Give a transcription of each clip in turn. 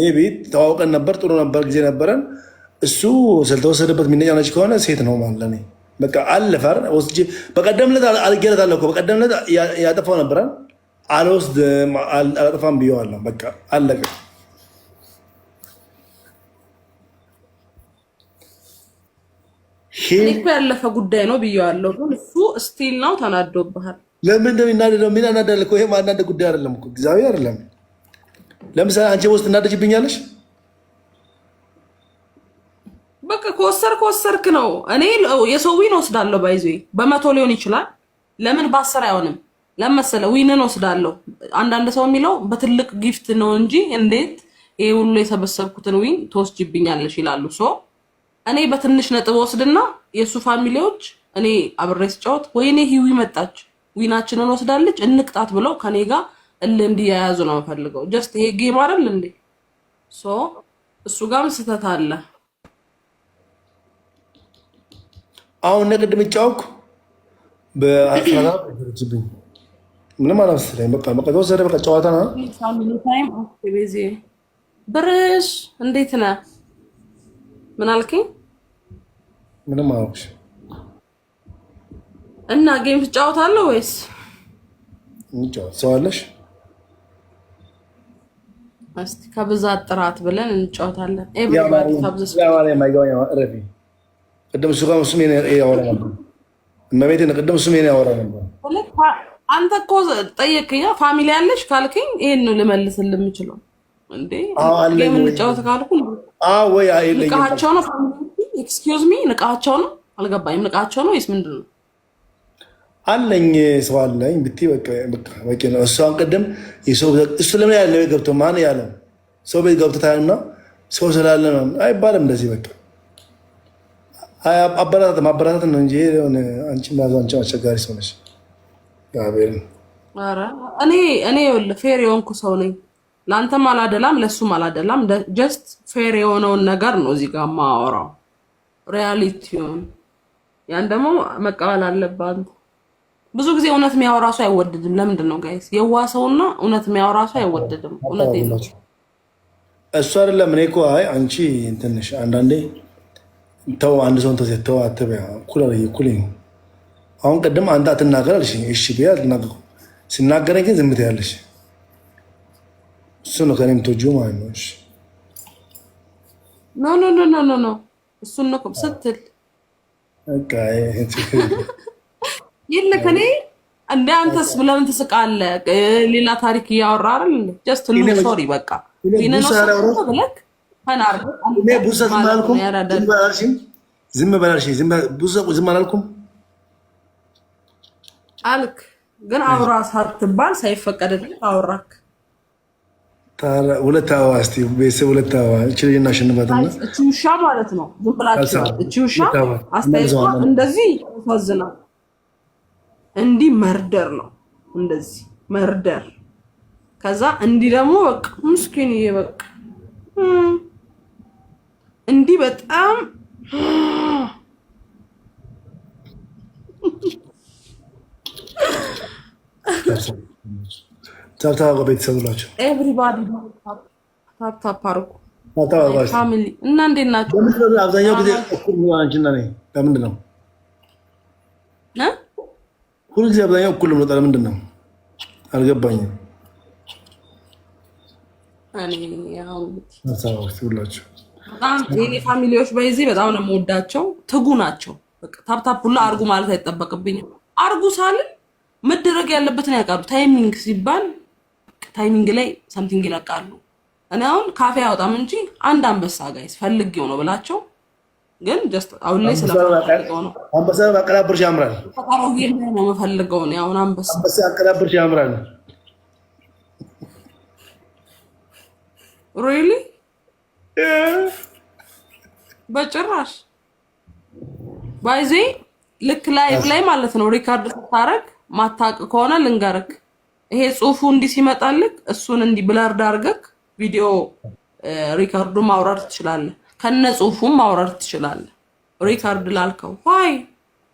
ሜይ ቢ ተዋውቀን ነበር፣ ጥሩ ነበር፣ ጊዜ ነበረን። እሱ ስለተወሰደበት የሚነጫነጭ ከሆነ ሴት ነው ማለት ለእኔ በቃ አለፈር ወስጄ በቀደምለት አልጌለታለሁ እኮ በቀደምለት ያጠፋው ነበረ። አልወስድም አላጠፋም ብየዋለሁ። በቃ አለቀ። ያለፈ ጉዳይ ነው ብየዋለሁ። እሱ ስቲል ነው ተናዶብሃል። ለምን እንደሚናደደው ምን አናዳል እኮ ይሄ ማናደ ጉዳይ አይደለም እኮ እግዚአብሔር አይደለም ለምሳሌ አንቺ በውስጥ እናደጅብኛለሽ። በቃ ከወሰር ከወሰርክ ነው። እኔ የሰው ዊን ወስዳለሁ። ባይዜ በመቶ ሊሆን ይችላል። ለምን በአስር አይሆንም? ለመሰለ ዊንን ወስዳለሁ። አንዳንድ ሰው የሚለው በትልቅ ጊፍት ነው እንጂ እንዴት ይሄ ሁሉ የሰበሰብኩትን ዊን ትወስጅብኛለሽ ይላሉ። ሶ እኔ በትንሽ ነጥብ ወስድና የእሱ ፋሚሊዎች እኔ አብሬ ስጫወት ወይኔ ሂዊ መጣች ዊናችንን ወስዳለች እንቅጣት ብለው ከኔ ጋር እንዲያያዙ ነው የምፈልገው። ጀስት ይሄ ጌም አይደል እንዴ? ሶ እሱ ጋርም ስህተት አለ። አሁን ነገድ ምጫውኩ በአስራ ምንም አላመሰለኝም። በቃ በቃ ተወሰደ። በቃ ጨዋታ ነው። ብርሽ እንዴት ነ? ምን አልከኝ? ምንም አላልኩሽ። እና ጌም ትጫወታለህ ወይስ ሰው አለሽ? እስኪ ከብዛት ጥራት ብለን እንጫወታለን። እመቤቴን ቅድም ስሜን ያወራ ነበር። አንተ እኮ ጠየቅኛ ፋሚሊ አለሽ ካልከኝ ይሄን ነው ልመልስልህ የምችለው። እንዴ ካልኩ ንቃቸው ነው። ኤክስኪውዝ ሚ ንቃቸው ነው። አልገባኝም። ንቃቸው ነው ወይስ ምንድን ነው? አለኝ ሰው አለኝ ብትይ በቂ ነው። እሷን ቅድም እሱ ለምን ያለ ቤት ገብቶ ማን ያለ ሰው ቤት ገብቶ ታያና ሰው ስላለ ነው አይባልም። እንደዚህ በቃ አበረታት ማበረታት ነው እንጂ አንቺ ማዘ አንቺ አስቸጋሪ ሰው ነች። እኔ እኔ ፌር የሆንኩ ሰው ነኝ። ለአንተም አላደላም ለእሱም አላደላም። ጀስት ፌር የሆነውን ነገር ነው እዚህ ጋር ማወራው ሪያሊቲውን ያን ደግሞ መቀበል አለብህ ብዙ ጊዜ እውነት የሚያወራ ሰው አይወደድም። ለምንድን ነው ጋይስ? የዋ ሰውና እውነት የሚያወራ ሰው አይወደድም። እውነት ነው እሱ አይደለም። እኔ እኮ አይ አንቺ ትንሽ አንዳንዴ ተው፣ አንድ ሰውን ተሴት ተው አትበያ። እኩል አለ እኩል አሁን ቅድም አንተ አትናገር አልሽኝ። እሺ ብዬ አልተናገርኩም። ሲናገረኝ ግን ዝምት ያለሽ እሱ ነው ከኔ የምትወጂው ማለት ነው። እሺ ኖ ኖ ኖ ኖ ኖ እሱን ነው ስትል ይልክ ከኔ እንደ አንተስ ለምን ትስቃለህ? ሌላ ታሪክ እያወራ አይደል? ጀስት ሉ ሶሪ በቃ ብለክ ዝም በላልሽኝ። ዝም አላልኩም አልክ፣ ግን አውራ ሳትባል ሳይፈቀድልህ አውራክ። ሁለት አበባ እስኪ ቤተሰብ ሁለት አበባ እች ልጅ እናሸንፋትና እቺ ውሻ ማለት ነው። ዝም ብላችሁ እቺ ውሻ አስተያየቷ እንደዚህ ያሳዝናል። እንዲህ መርደር ነው እንደዚህ መርደር። ከዛ እንዲህ ደግሞ በቃ ምስኪን በቃ እንዲህ በጣም ታብታብ ቤተሰቡ ናቸው። ኤቭሪባዲ ታብታብ አድርጉ ፋሚሊ እና እንዴት ናቸው? አብዛኛው ጊዜ እኩል ነው አንቺና እኔ ለምንድን ነው ሁሉ ጊዜ አብዛኛው እኩል ነው። ምንወጣ ለምንድን ነው አልገባኝም። ሁላቸው የኔ ፋሚሊዎች በዚህ በጣም ነው የምወዳቸው። ትጉ ናቸው። ታፕታፕ ሁላ አርጉ ማለት አይጠበቅብኝም። አርጉ ሳል መደረግ ያለበትን ያውቃሉ። ታይሚንግ ሲባል ታይሚንግ ላይ ሰምቲንግ ይለቃሉ። እኔ አሁን ካፌ አያወጣም እንጂ አንድ አንበሳ ጋይስ ፈልጌው ነው ብላቸው ግን አሁን ላይ ስለፈልገው ነው። አንበሳ አቀላብርሽ ያምራል። ጌ ነው መፈልገው ነው። አሁን አንበሳ አንበሳ አቀላብርሽ ያምራል። ሪሊ በጭራሽ ባይዜ ልክ ላይቭ ላይ ማለት ነው። ሪካርድ ስታረግ ማታቅ ከሆነ ልንገርክ፣ ይሄ ጽሁፉ እንዲህ ሲመጣልክ እሱን እንዲህ ብለርድ አድርገክ ቪዲዮ ሪካርዱ ማውራት ትችላለህ። ከነ ጽሁፉም ማውረድ ትችላለ። ሪካርድ ላልከው ይ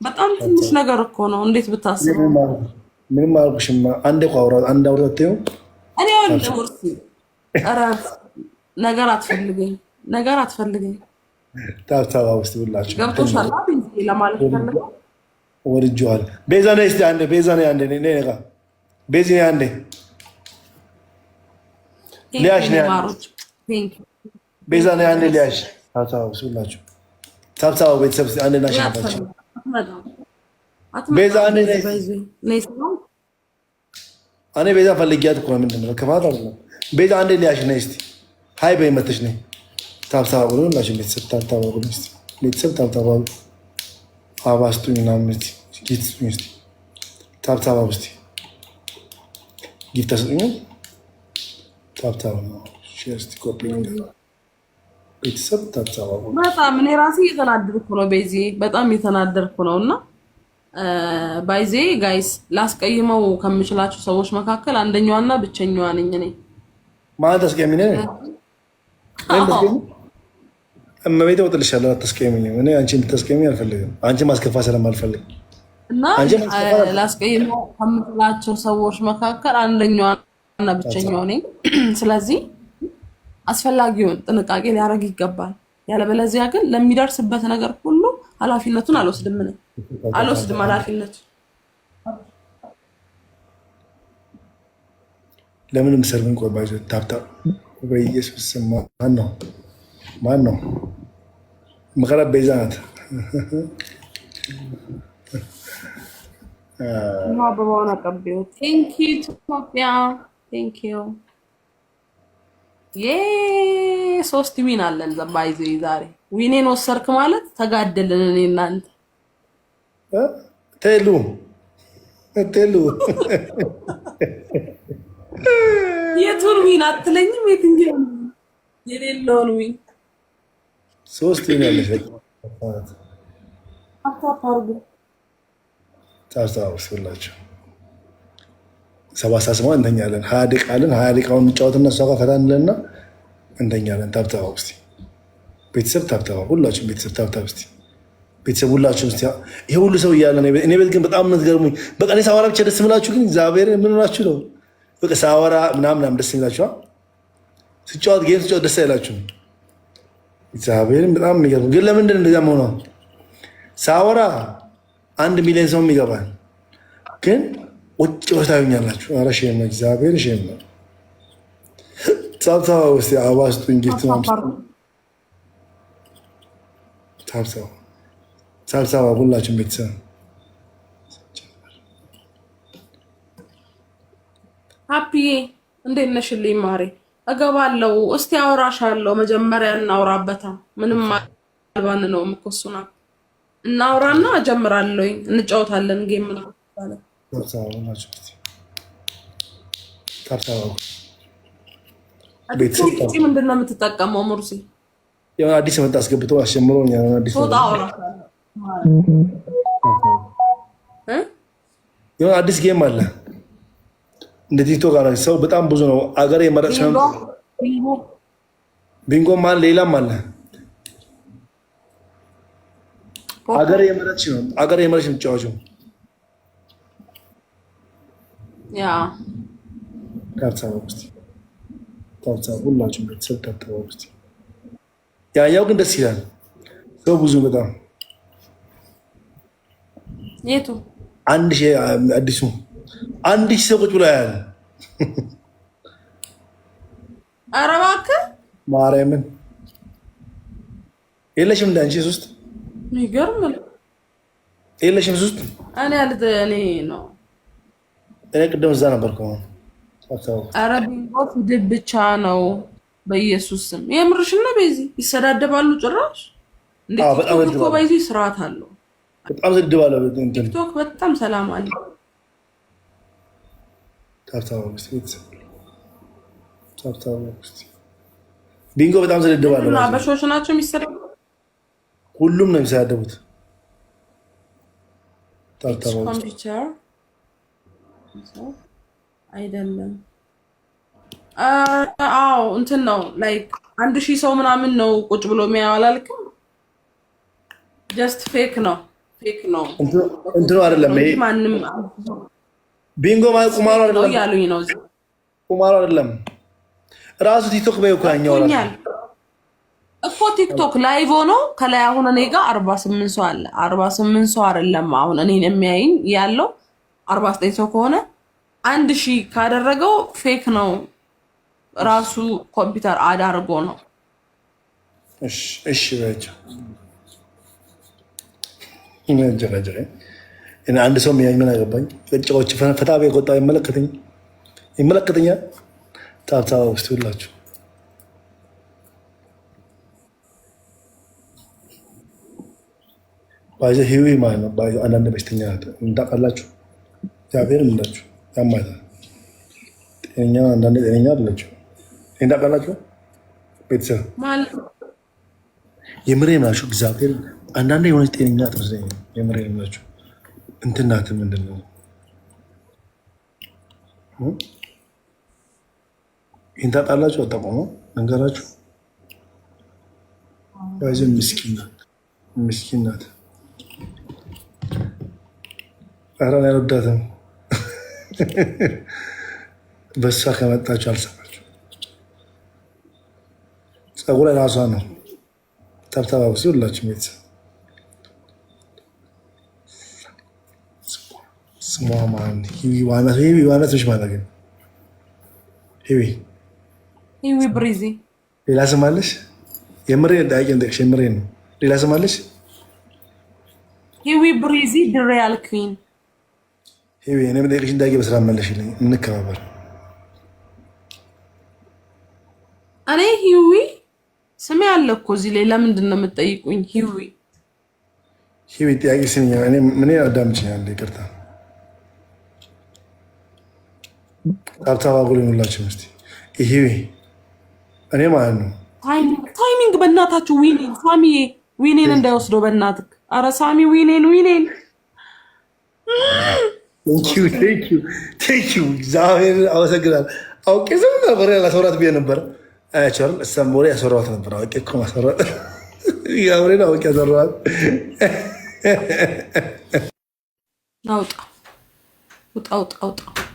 በጣም ትንሽ ነገር እኮ ነው። እንዴት ብታስብ ምንም አልኩሽም። አንድ አውራት አንድ አውራት ነው። እኔ ወንድ ወርሲ ነገር አትፈልገኝ፣ ነገር አትፈልገኝ። ታብታባ ውስጥ ብላችሁ ገብቶሻል። ለማለት ፈልገው ቤዛ ነይ እስኪ አንዴ፣ ቤዛ ነይ አንዴ፣ ነይ ቤዚ ነይ አንዴ፣ ሊያሽ ነይ አንዴ፣ ቤዛ ነይ አንዴ፣ ሊያሽ ሁላችሁ ሰብሰባ ቤተሰብ አንድ ናሽናታችን ቤዛ እኔ ቤዛ ፈልጊያት እኮ ምንድን ነው ክፋት አይደለም። ቤዛ አንዴ ሊያሽ ነይ እስኪ ሀይ በይ መተሽ ነይ ታብታባ ብሎ ላሽ ቤተሰብ ታብታባ ቤተሰብ ታብታባ አባ ስጡኝ ምናምን እስኪ ጊፍት ታብታባ እስኪ ጊፍት ስጡኝ ታብታባ ሼር ኮፒ ነገር በጣም እኔ ራሴ እየተናደድኩ ነው። ቤዚ በጣም እየተናደድኩ ነው እና ባይዜ ጋይስ ላስቀይመው ከምችላቸው ሰዎች መካከል አንደኛዋና ብቸኛዋ ነኝ እኔ። ማለት አስቀያሚ ነኝ እወጥልሻለሁ። አታስቀይሚኝ። እኔ አንቺ እንድታስቀይሚ አልፈልግም። አንቺ ማስከፋ ስለማልፈልግ እና ላስቀይመው ከምችላቸው ሰዎች መካከል አንደኛዋና ብቸኛዋ ነኝ። ስለዚህ አስፈላጊውን ጥንቃቄ ሊያደርግ ይገባል። ያለበለዚያ ግን ለሚደርስበት ነገር ሁሉ ኃላፊነቱን አልወስድም ነው አልወስድም ኃላፊነቱ ለምን ምሰርግን ቆባይዞ ታብታ በኢየሱስ ማን ነው ማን ነው ምክረት ቤዛ ናት። አበባውን አቀቤው ቴንኪ ኢትዮጵያ ቴንኪ ሶስት ዊን አለን ዘባይዘ ዛሬ ዊኔን ወሰርክ ማለት ተጋደልን። እኔ እናንተ ቴሉ ቴሉ የቱን ዊን አትለኝም? እንጂ የሌለውን ዊን ሶስት ዊን ያለሽ አታፓርጉ ታስታውስላቸው ሰባሳስማ እንተኛለን። ሀያ ደቂቃ አለን። ሀያ ደቂቃውን የሚጫወት እነሱ ጋር ፈታ እንለና እንተኛለን። ታብታባ ውስጥ ቤተሰብ ታብታባ፣ ሁላችሁም ቤተሰብ ታብታብ ስ ቤተሰብ ሁላችሁም ስ ይሄ ሁሉ ሰው እያለ እኔ ቤት ግን በጣም ምትገርሙኝ በቃ እኔ ሳወራ ብቻ ደስ ምላችሁ፣ ግን እግዚአብሔር ምን ሆናችሁ ነው? በቃ ሳወራ ምናምናም ደስ የሚላችሁ ስጫወት ጌም ስጫወት ደስ አይላችሁም? እግዚአብሔርን በጣም የሚገርሙ ግን ለምንድን እንደዚያ መሆኗ? ሳወራ አንድ ሚሊዮን ሰውም ይገባል ግን ውጭ ወታኛላችሁ። ኧረ ሼም ነው፣ እግዚአብሔር ሼም ነው። ታብታባ ውስጥ አበባ ስጡኝ። ጌት ታብታባ ሁላችን ቤተሰብ ሀፒዬ እንዴት ነሽልኝ ማሬ? እገባለሁ እስቲ አውራሻለው። መጀመሪያ እናውራበታ ምንም አልባን ነው የምኮሱና እናውራና እጀምራለሁኝ። እንጫወታለን ጌም ነው ምንድን ነው የምትጠቀመው? ሙርሲ የሆነ አዲስ የመጣ አስገብቶ አሸምሮ የሆነ አዲስ ጌም አለ እንደ ቲክቶክ አለ። ሰው በጣም ብዙ ነው። አገር የመረጥሽ ቢንጎም አለ፣ ሌላም አለ። አገር የመረጥሽ ነው። አገር የመረጥሽ ነው። ያው ውስጥ ሁላችሁም ቤተሰብ ውስጥ ያኛው ግን ደስ ይላል። ሰው ብዙ በጣም የቱ አንድ አዲሱ አንድ ሺህ ሰው ቁጭ ብሎ ያያል። ኧረ እባክህ ማርያምን የለሽም እንደ አንቺ ሶስት ይገርም የለሽም ሶስት እኔ እኔ ነው እኔ ቅድም እዛ ነበርኩ። ኧረ ቢንጎ ፊደል ብቻ ነው። በኢየሱስ ስም የምርሽ የምርሽና በዚ ይሰዳደባሉ። ጭራሽ እንዴትኮ በዚ ስርዓት አለው። በጣም ስድባለሁ። ቲክቶክ በጣም ሰላም አለ። ቢንጎ በጣም ስድባለሁ። አበሾች ናቸው የሚሰዳደቡ። ሁሉም ነው የሚሰዳደቡት። ታርታ አይደለም። አዎ እንትን ነው ላይክ አንድ ሺህ ሰው ምናምን ነው ቁጭ ብሎ የሚያየው አላልክም? ጀስት ፌክ ነው ፌክ ነው እንትኑ አይደለም። ይሄ ማንም ቢንጎ ማለት ቁማሩ አይደለም ነው። ቁማሩ አይደለም ቲክቶክ በይው እኮ ቲክቶክ ላይቭ ሆኖ ከላይ አሁን እኔ ጋር አርባ ስምንት ሰው አለ። አርባ ስምንት ሰው አይደለም አሁን እኔን የሚያይኝ ያለው አርባ ዘጠኝ ሰው ከሆነ አንድ ሺህ ካደረገው ፌክ ነው፣ ራሱ ኮምፒውተር አዳርጎ ነው። እሺ በያቸው አንድ ሰው ያኝ ምን አገባኝ? ጭቆች ፈታ ቆጣ ይመለከተኝ ይመለከተኛል። ታብታባ ውስጥ ሁላችሁ ባይዘ ህዊ ማለት ነው። አንዳንድ በሽተኛ እንዳቃላችሁ እግዚአብሔር ምላቸው ያማል። ጤነኛ አንዳንድ ጤነኛ አላቸው እንዳቃላቸው ቤተሰብ የምሬ ናቸው። እግዚአብሔር አንዳንድ የሆነች ጤነኛ ጥርስ የምሬ ናቸው። እንትናት ምንድን ነው ይህን ታጣላችሁ። አጠቆመ ነገራችሁ ባይዘ ምስኪናት ምስኪናት ረን ናት። በሳ ከመጣች አልሰማች ፀጉር ራሷ ነው። ተብተባብሲ ሁላችሁ ቤት ስሟ ማን? ሂዊ ዋነት ምሽ ማለት ግን ሂዊ ሂዊ ብሪዚ ሌላ ስም አለሽ? የምሬ ዳቂ እንደሽ የምሬ ነው። ሌላ ስም አለሽ? ሂዊ ብሪዚ ድሬያል ኩዊን የምጠይቅሽ እንዳጌ በስራ መለሽልኝ፣ እንከባበር። እኔ ሂዊ ስሜ አለ እኮ እዚህ ላይ ለምንድን ነው የምጠይቁኝ? ሂዊ ሂዊ ጥያቄ ስሚኝ። ምን አዳምችኛል? ይቅርታ ታብታባጉል ይኑላቸው ስ ሂዊ እኔ ማለት ነው ታይሚንግ በእናታችሁ ዊኔን ሳሚ ዊኔን እንዳይወስደው በእናትህ። አረ ሳሚ ዊኔን ዊኔን እግዚአብሔር አመሰግናል። አውቄ ዝም ነበር ያላሰራት ብዬ ነበር። አያቸዋል እሳም ወሬ ያሰራት ነበር። አውቄ እኮ ማሰራት ያምሬን አውቄ ያሰራት ውጣ ውጣ ውጣ